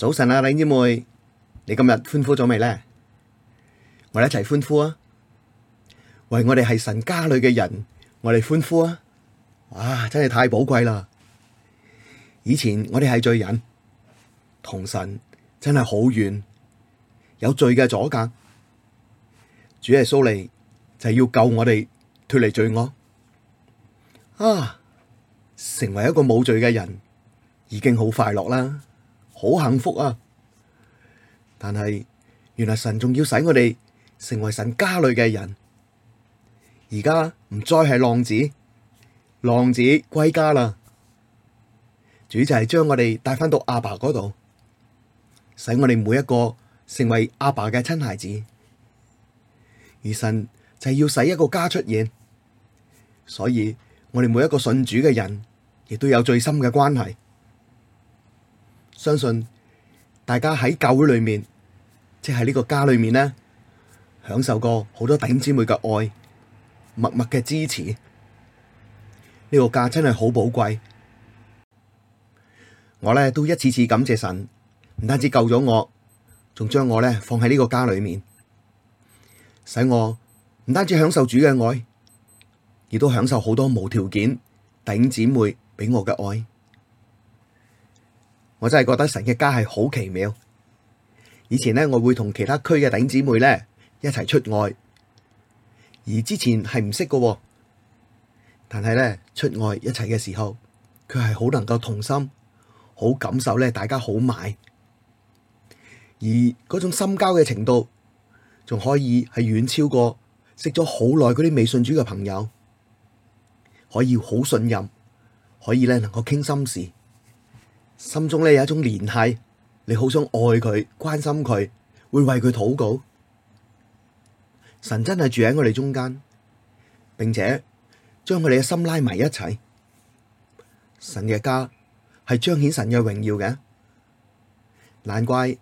早晨啊，李姐妹，你今日歡呼咗未呢？我哋一齊歡呼啊！為我哋係神家裏嘅人，我哋歡呼啊！哇，真係太寶貴啦！以前我哋係罪人，同神真係好遠，有罪嘅阻隔。主耶穌嚟就係要救我哋脱離罪惡啊！成為一個冇罪嘅人，已經好快樂啦～好幸福啊！但係，原來神仲要使我哋成為神家裏嘅人，而家唔再係浪子，浪子歸家啦。主就係將我哋帶翻到阿爸嗰度，使我哋每一個成為阿爸嘅親孩子。而神就係要使一個家出現，所以我哋每一個信主嘅人，亦都有最深嘅關係。相信大家喺教會裏面，即係呢個家裏面呢，享受過好多弟兄姊妹嘅愛，默默嘅支持。呢、呢個家真係好寶貴。我呢都一次次感謝神，唔單止救咗我，仲將我呢放喺呢個家裏面，使我唔單止享受主嘅愛，亦都享受好多無條件弟兄姊妹畀我嘅愛。我真係覺得神嘅家係好奇妙。以前呢，我會同其他區嘅頂姊妹咧一齊出外，而之前係唔識嘅。但係咧出外一齊嘅時候，佢係好能夠同心，好感受咧大家好埋，而嗰種深交嘅程度，仲可以係遠超過識咗好耐嗰啲未信主嘅朋友，可以好信任，可以咧能夠傾心事。心中咧有一種聯繫，你好想愛佢、關心佢，會為佢禱告。神真係住喺我哋中間，並且將我哋嘅心拉埋一齊。神嘅家係彰顯神嘅榮耀嘅，難怪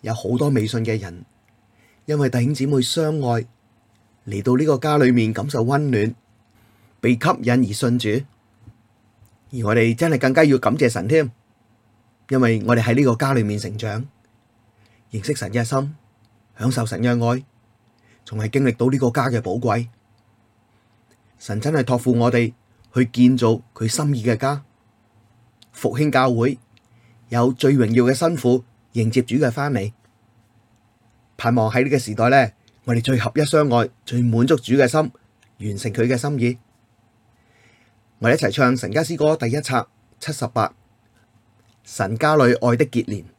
有好多未信嘅人因為弟兄姊妹相愛嚟到呢個家裏面，感受溫暖，被吸引而信主。而我哋真係更加要感謝神添。因為我哋喺呢個家裏面成長，認識神嘅心，享受神嘅愛，仲係經歷到呢個家嘅寶貴。神真係託付我哋去建造佢心意嘅家，復興教會，有最榮耀嘅新婦迎接主嘅翻嚟，盼望喺呢個時代呢，我哋最合一相愛，最滿足主嘅心，完成佢嘅心意。我哋一齊唱《神家詩歌》第一冊七十八，神家裡愛的結連。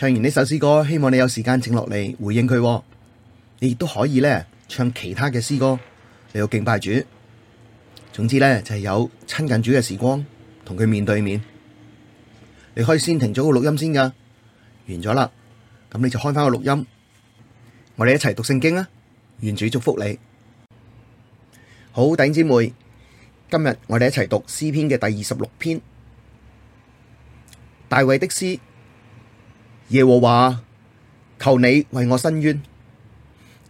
唱完呢首詩歌，希望你有時間靜落嚟回應佢。你亦都可以咧唱其他嘅詩歌你到敬拜主。總之咧就係有親近主嘅時光，同佢面對面。你可以先停咗個錄音先噶，完咗啦，咁你就開返個錄音。我哋一齊讀聖經啊！願主祝福你。好，弟兄姊妹，今日我哋一齊讀詩篇嘅第二十六篇，大衛的詩。耶和華，求你為我伸冤，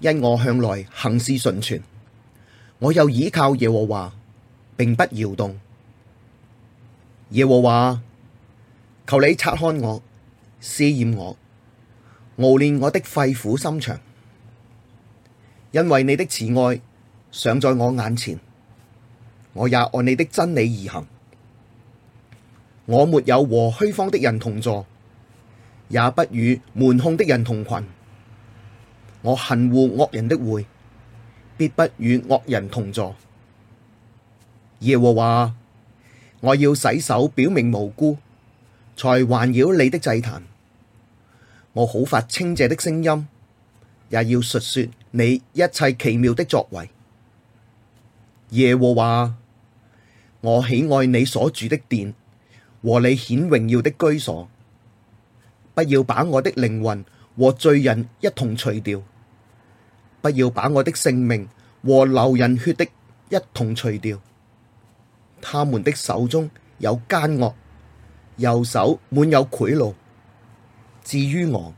因我向來行事純全，我又倚靠耶和華，並不搖動。耶和華，求你察看我，試驗我，熬煉我的肺腑心腸，因為你的慈愛常在我眼前，我也按你的真理而行，我沒有和虛謊的人同坐。也不與瞞哄的人同群，我恨惡惡人的會，必不與惡人同坐。耶和華，我要洗手表明無辜，才環繞你的祭壇。我好發稱謝的聲音，也要述說你一切奇妙的作為。耶和華，我喜愛你所住的殿和你顯榮耀的居所。不要把我的靈魂和罪人一同除掉，不要把我的性命和流人血的一同除掉。他們的手中有奸惡，右手滿有賄賂。至於我，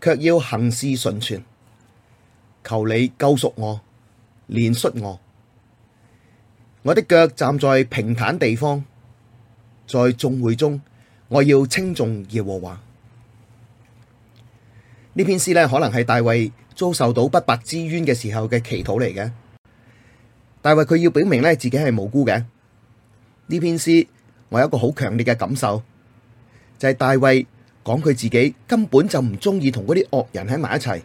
卻要行事純全。求你救贖我，憐恤我。我的腳站在平坦地方，在眾會中，我要稱頌耶和華。呢篇詩咧，可能係大衛遭受到不白之冤嘅時候嘅祈禱嚟嘅。大衛佢要表明咧自己係無辜嘅。呢篇詩我有一個好強烈嘅感受，就係大衛講佢自己根本就唔中意同嗰啲惡人喺埋一齊，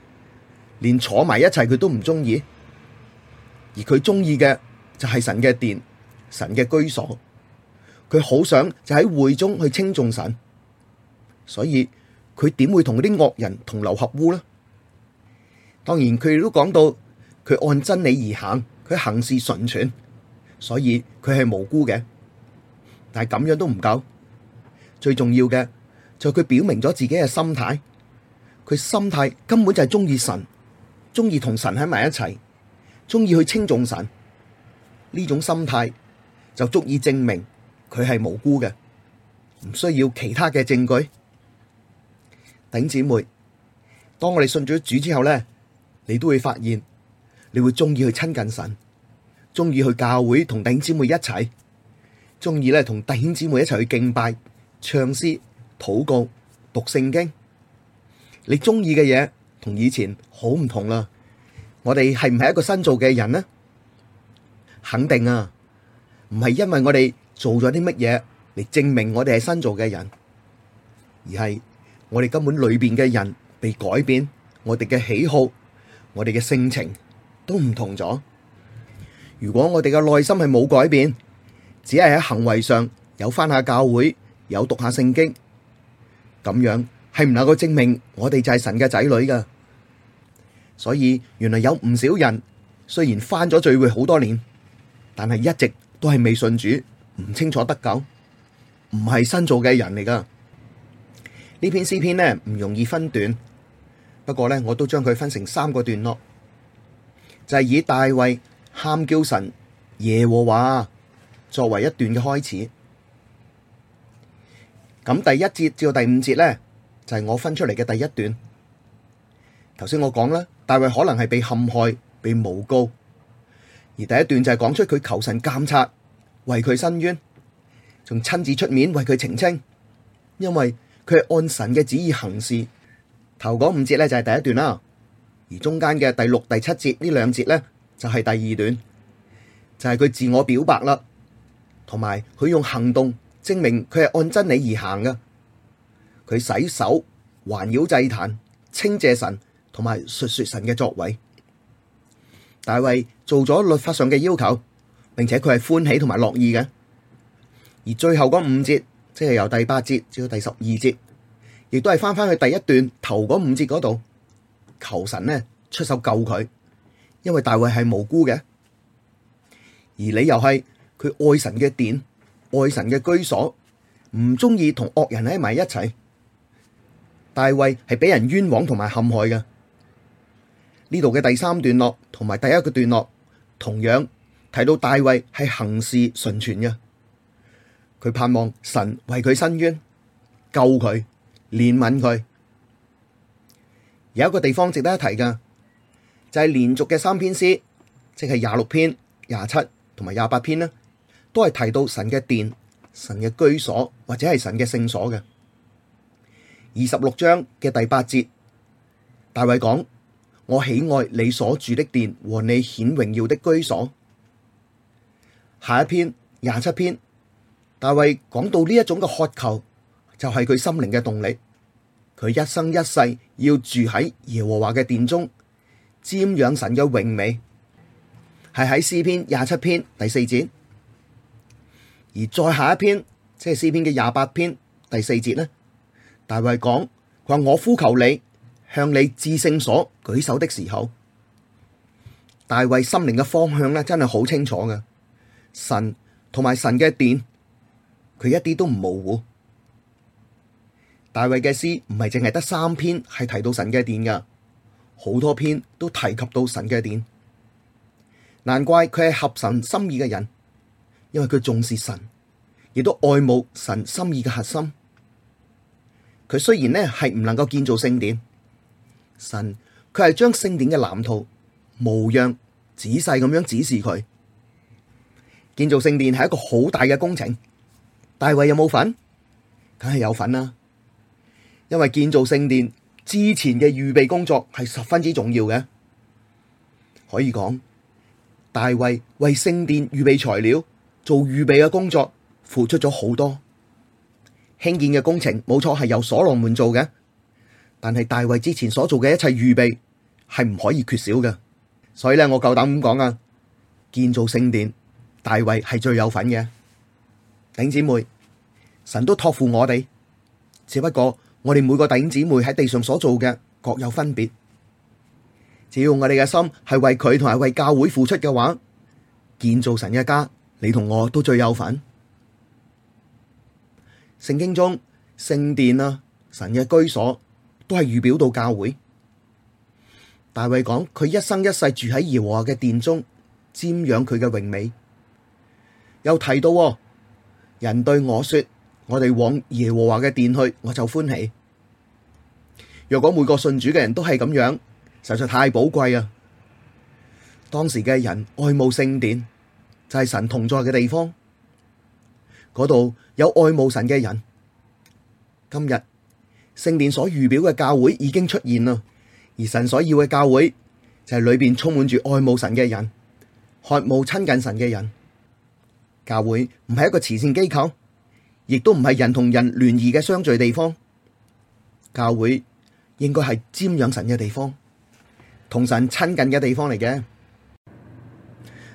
連坐埋一齊佢都唔中意。而佢中意嘅就係神嘅殿、神嘅居所。佢好想就喺會中去稱頌神，所以。佢點會同嗰啲惡人同流合污呢？當然，佢亦都講到佢按真理而行，佢行事純全，所以佢係無辜嘅。但係咁樣都唔夠，最重要嘅就係佢表明咗自己嘅心態。佢心態根本就係中意神，中意同神喺埋一齊，中意去稱重神。呢種心態就足以證明佢係無辜嘅，唔需要其他嘅證據。弟兄姊妹，當我哋信咗主之後咧，你都會發現，你會中意去親近神，中意去教會同弟兄姊妹一齊，中意咧同弟兄姊妹一齊去敬拜、唱詩、禱告、讀聖經。你中意嘅嘢同以前好唔同啦。我哋係唔係一個新造嘅人呢？肯定啊，唔係因為我哋做咗啲乜嘢嚟證明我哋係新造嘅人，而係。我哋根本裏邊嘅人被改變，我哋嘅喜好、我哋嘅性情都唔同咗。如果我哋嘅內心係冇改變，只係喺行為上有翻下教會，有讀下聖經，咁樣係唔能夠證明我哋就係神嘅仔女噶。所以原來有唔少人雖然翻咗聚會好多年，但係一直都係未信主，唔清楚得救，唔係新造嘅人嚟噶。呢篇詩篇呢，唔容易分段，不過呢我都將佢分成三個段落，就係以大衛喊叫神耶和華作為一段嘅開始。咁第一節至到第五節呢，就係我分出嚟嘅第一段。頭先我講啦，大衛可能係被陷害、被誣告，而第一段就係講出佢求神監察為佢申冤，仲親自出面為佢澄清，因為。佢係按神嘅旨意行事，頭嗰五節咧就係第一段啦，而中間嘅第六、第七節呢兩節咧就係第二段，就係佢自我表白啦，同埋佢用行動證明佢係按真理而行嘅。佢洗手，環繞祭壇，稱謝神，同埋述說神嘅作為。大衛做咗律法上嘅要求，並且佢係歡喜同埋樂意嘅，而最後嗰五節。即係由第八節至到第十二節，亦都係翻翻去第一段頭嗰五節嗰度，求神呢出手救佢，因為大衛係無辜嘅，而理由係佢愛神嘅殿、愛神嘅居所，唔中意同惡人喺埋一齊。大衛係俾人冤枉同埋陷害嘅。呢度嘅第三段落同埋第一個段落，同樣提到大衛係行事純全嘅。佢盼望神為佢伸冤、救佢、憐憫佢。有一個地方值得一提㗎，就係連續嘅三篇詩，即係廿六篇、廿七同埋廿八篇啦，都係提到神嘅殿、神嘅居所或者係神嘅聖所嘅。二十六章嘅第八節，大衛講，我喜愛你所住的殿和你顯榮耀的居所。下一篇廿七篇。大衛講到呢一種嘅渴求，就係、是、佢心靈嘅動力。佢一生一世要住喺耶和華嘅殿中，瞻仰神嘅榮美，係喺詩篇廿七篇第四節。而再下一篇即係詩篇嘅廿八篇第四節呢，大衛講佢話，我呼求你，向你至聖所舉手的時候，大衛心靈嘅方向咧真係好清楚嘅，神同埋神嘅殿。佢一啲都唔模糊。大衛嘅詩唔係淨係得三篇係提到神嘅殿㗎，好多篇都提及到神嘅殿。難怪佢係合神心意嘅人，因為佢重視神，亦都愛慕神心意嘅核心。佢雖然咧係唔能夠建造聖殿，神佢係將聖殿嘅藍圖模樣仔細咁樣指示佢。建造聖殿係一個好大嘅工程。大衛有冇份？梗係有份啦，啊，因為建造聖殿之前嘅預備工作係十分之重要嘅。可以講，大衛為聖殿預備材料，做預備嘅工作，付出咗好多。興建嘅工程冇錯係由所羅門做嘅，但係大衛之前所做嘅一切預備係唔可以缺少嘅。所以咧，我夠膽咁講啊！建造聖殿，大衛係最有份嘅。弟兄姊妹，神都托付我哋，只不過我哋每個弟兄姊妹喺地上所做嘅各有分別。只要我哋嘅心係為佢同埋為教會付出嘅話，建造神嘅家，你同我都最有份。聖經中聖殿啊，神嘅居所，都係預表到教會。大衛講佢一生一世住喺耶和華嘅殿中，瞻仰佢嘅榮美，又提到。人對我說：我哋往耶和華嘅殿去，我就歡喜。若果每個信主嘅人都係咁樣，實在太寶貴啊！當時嘅人愛慕聖殿，就係神同在嘅地方，嗰度有愛慕神嘅人。今日聖殿所預表嘅教會已經出現啦，而神所要嘅教會就係裏邊充滿住愛慕神嘅人、渴慕親近神嘅人。教會唔係一個慈善機構，亦都唔係人同人聯誼嘅相聚地方。教會應該係瞻仰神嘅地方，同神親近嘅地方嚟嘅。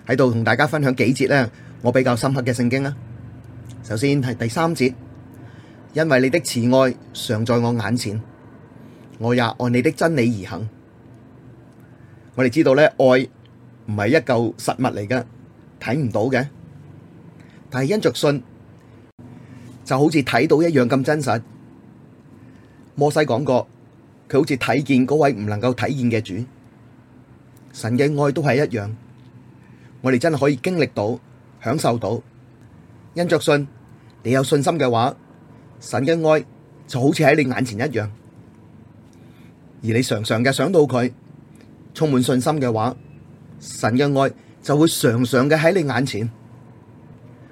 喺度同大家分享幾節咧，我比較深刻嘅聖經啦。首先係第三節，因為你的慈愛常在我眼前，我也按你的真理而行。我哋知道咧，愛唔係一嚿實物嚟嘅，睇唔到嘅。但係因着信，就好似睇到一樣咁真實。摩西講過，佢好似睇見嗰位唔能夠體驗嘅主，神嘅愛都係一樣。我哋真係可以經歷到、享受到。因着信，你有信心嘅話，神嘅愛就好似喺你眼前一樣。而你常常嘅想到佢，充滿信心嘅話，神嘅愛就會常常嘅喺你眼前。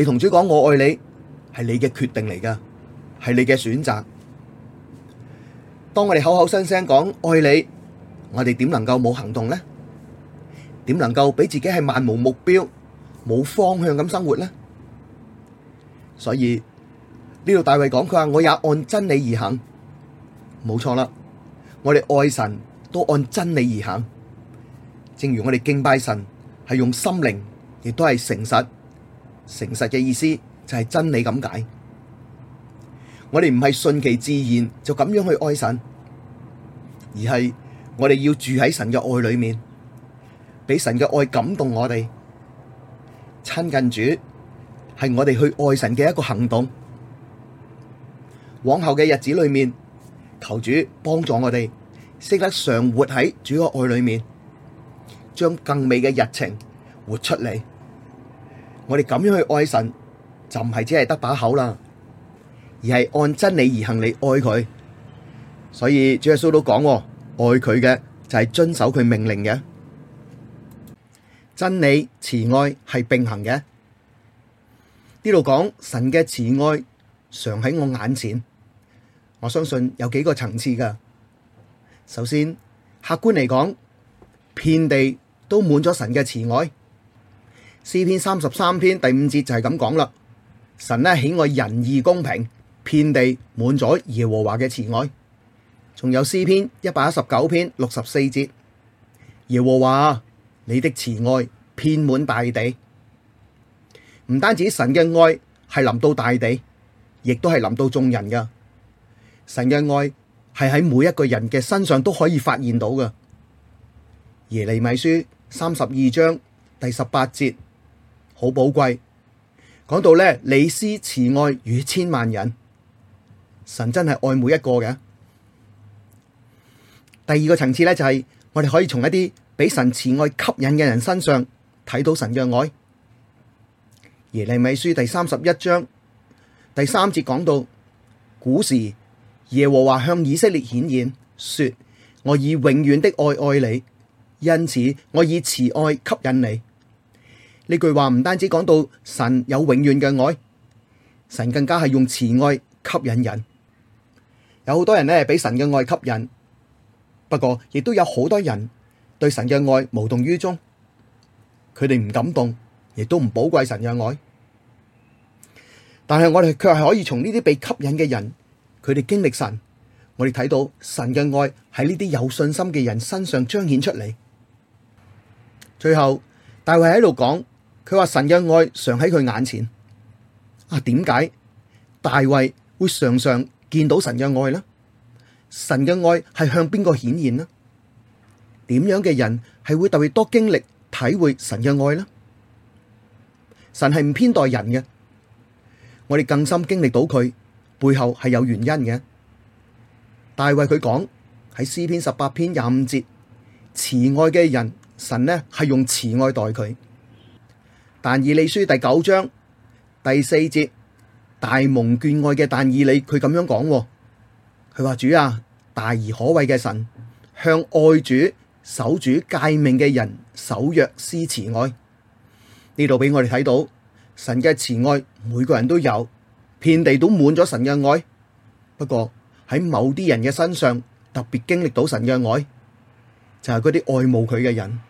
你同主講我愛你，係你嘅決定嚟噶，係你嘅選擇。當我哋口口聲聲講愛你，我哋點能夠冇行動呢？點能夠俾自己係漫無目標、冇方向咁生活呢？所以呢度大衛講佢話，我也按真理而行，冇錯啦。我哋愛神都按真理而行，正如我哋敬拜神係用心靈，亦都係誠實。誠實嘅意思就係真理咁解，我哋唔係順其自然就咁樣去愛神，而係我哋要住喺神嘅愛裏面，俾神嘅愛感動我哋，親近主係我哋去愛神嘅一個行動。往後嘅日子裏面，求主幫助我哋，識得常活喺主嘅愛裏面，將更美嘅日程活出嚟。我哋咁樣去愛神，就唔係只係得把口啦，而係按真理而行嚟愛佢。所以主耶穌都講，愛佢嘅就係遵守佢命令嘅。真理，慈愛係並行嘅。呢度講神嘅慈愛常喺我眼前，我相信有幾個層次噶。首先，客觀嚟講，遍地都滿咗神嘅慈愛。詩篇三十三篇第五節就係咁講啦，神呢，喜愛仁義公平，遍地滿載耶和華嘅慈愛。仲有詩篇一百一十九篇六十四節，耶和華你的慈愛遍滿大地。唔單止神嘅愛係臨到大地，亦都係臨到眾人噶。神嘅愛係喺每一個人嘅身上都可以發現到噶。耶利米書三十二章第十八節。好寶貴，講到咧，你施慈愛與千萬人，神真係愛每一個嘅。第二個層次咧，就係我哋可以從一啲俾神慈愛吸引嘅人身上睇到神嘅愛。耶利米書第三十一章第三節講到，古時耶和華向以色列顯現，說：我以永遠的愛愛你，因此我以慈愛吸引你。呢句話唔單止講到神有永遠嘅愛，神更加係用慈愛吸引人。有好多人呢俾神嘅愛吸引，不過亦都有好多人對神嘅愛無動於衷，佢哋唔感動，亦都唔寶貴神嘅愛。但係我哋卻係可以從呢啲被吸引嘅人，佢哋經歷神，我哋睇到神嘅愛喺呢啲有信心嘅人身上彰顯出嚟。最後大衛喺度講。佢話神嘅愛常喺佢眼前啊，點解大衛會常常見到神嘅愛呢？神嘅愛係向邊個顯現呢？點樣嘅人係會特別多經歷體會神嘅愛呢？神係唔偏待人嘅，我哋更深經歷到佢背後係有原因嘅。大衛佢講喺詩篇十八篇廿五節，慈愛嘅人，神呢係用慈愛待佢。但以理書第九章第四節，大蒙眷愛嘅但以理，佢咁樣講，佢話主啊，大而可畏嘅神，向愛主、守主誡命嘅人守約施慈愛。呢度俾我哋睇到神嘅慈愛，每個人都有，遍地都滿咗神嘅愛。不過喺某啲人嘅身上，特別經歷到神嘅愛，就係嗰啲愛慕佢嘅人，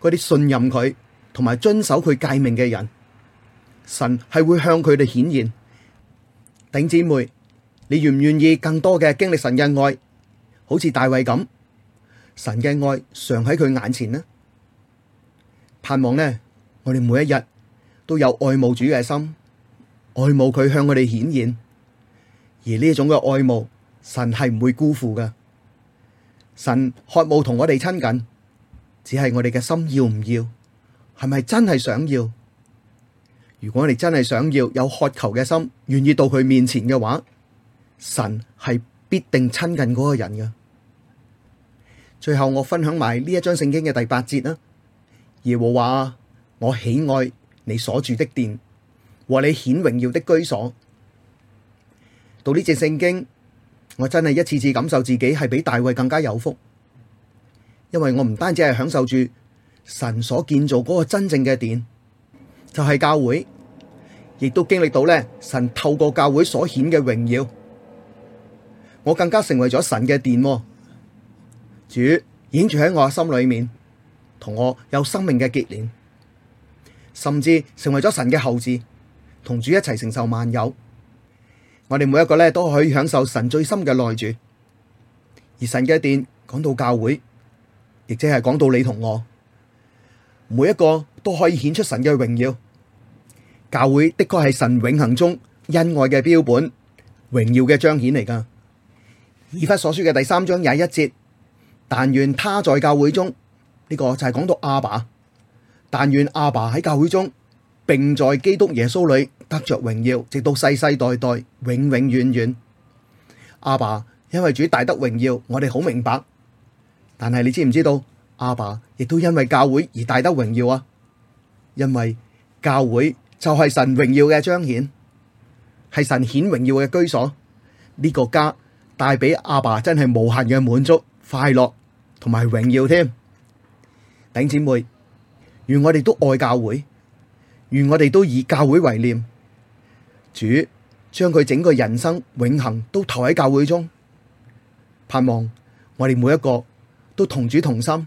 嗰啲信任佢。同埋遵守佢誡命嘅人，神係會向佢哋顯現。頂姊妹，你願唔願意更多嘅經歷神嘅愛，好似大衛咁？神嘅愛常喺佢眼前呢。盼望呢，我哋每一日都有愛慕主嘅心，愛慕佢向我哋顯現。而呢種嘅愛慕，神係唔會辜負㗎。神渴望同我哋親近，只係我哋嘅心要唔要？係咪真係想要？如果你真係想要有渴求嘅心，願意到佢面前嘅話，神係必定親近嗰個人嘅。最後我分享埋呢一張聖經嘅第八節啦。耶和華，我喜愛你所住的殿和你顯榮耀的居所。到呢隻聖經，我真係一次次感受自己係比大衛更加有福，因為我唔單止係享受住，神所建造嗰個真正嘅殿，就係、是、教會，亦都經歷到咧神透過教會所顯嘅榮耀，我更加成為咗神嘅殿。主已住喺我嘅心裏面，同我有生命嘅結連，甚至成為咗神嘅後嗣，同主一齊承受萬有。我哋每一個咧都可以享受神最深嘅內住，而神嘅殿講到教會，亦即係講到你同我。每一個都可以顯出神嘅榮耀，教會的確係神永恆中恩愛嘅標本，榮耀嘅彰顯嚟㗎。以弗所書嘅第三章廿一節，但願他在教會中呢、這個就係講到阿爸，但願阿爸喺教會中，並在基督耶穌裏得着榮耀，直到世世代代永永遠遠。阿爸，因為主大得榮耀，我哋好明白，但係你知唔知道？阿爸亦都因為教會而大得榮耀啊！因為教會就係神榮耀嘅彰顯，係神顯榮耀嘅居所。呢個家帶俾阿爸真係無限嘅滿足、快樂同埋榮耀添。弟兄姊妹，願我哋都愛教會，願我哋都以教會為念。主將佢整個人生永恆都投喺教會中，盼望我哋每一個都同主同心。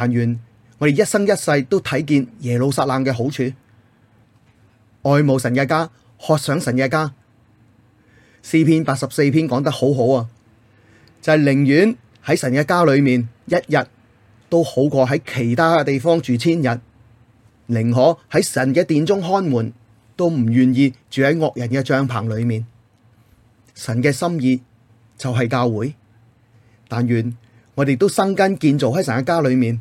但願我哋一生一世都睇見耶路撒冷嘅好處，愛慕神嘅家，渴想神嘅家。詩篇八十四篇講得好好啊，就係、是、寧願喺神嘅家裏面一日都好過喺其他嘅地方住千日，寧可喺神嘅殿中看門，都唔願意住喺惡人嘅帳棚裏面。神嘅心意就係教會，但願我哋都生根建造喺神嘅家裏面。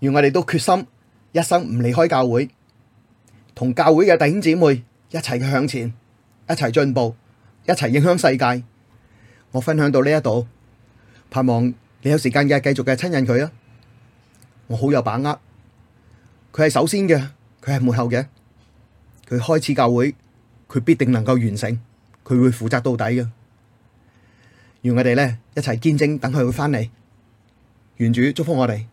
願我哋都決心一生唔離開教會，同教會嘅弟兄姊妹一齊向前，一齊進步，一齊影響世界。我分享到呢一度，盼望你有時間嘅繼續嘅親近佢啊！我好有把握，佢係首先嘅，佢係末後嘅，佢開始教會，佢必定能夠完成，佢會負責到底嘅。願我哋咧一齊見證，等佢會翻嚟。願主祝福我哋。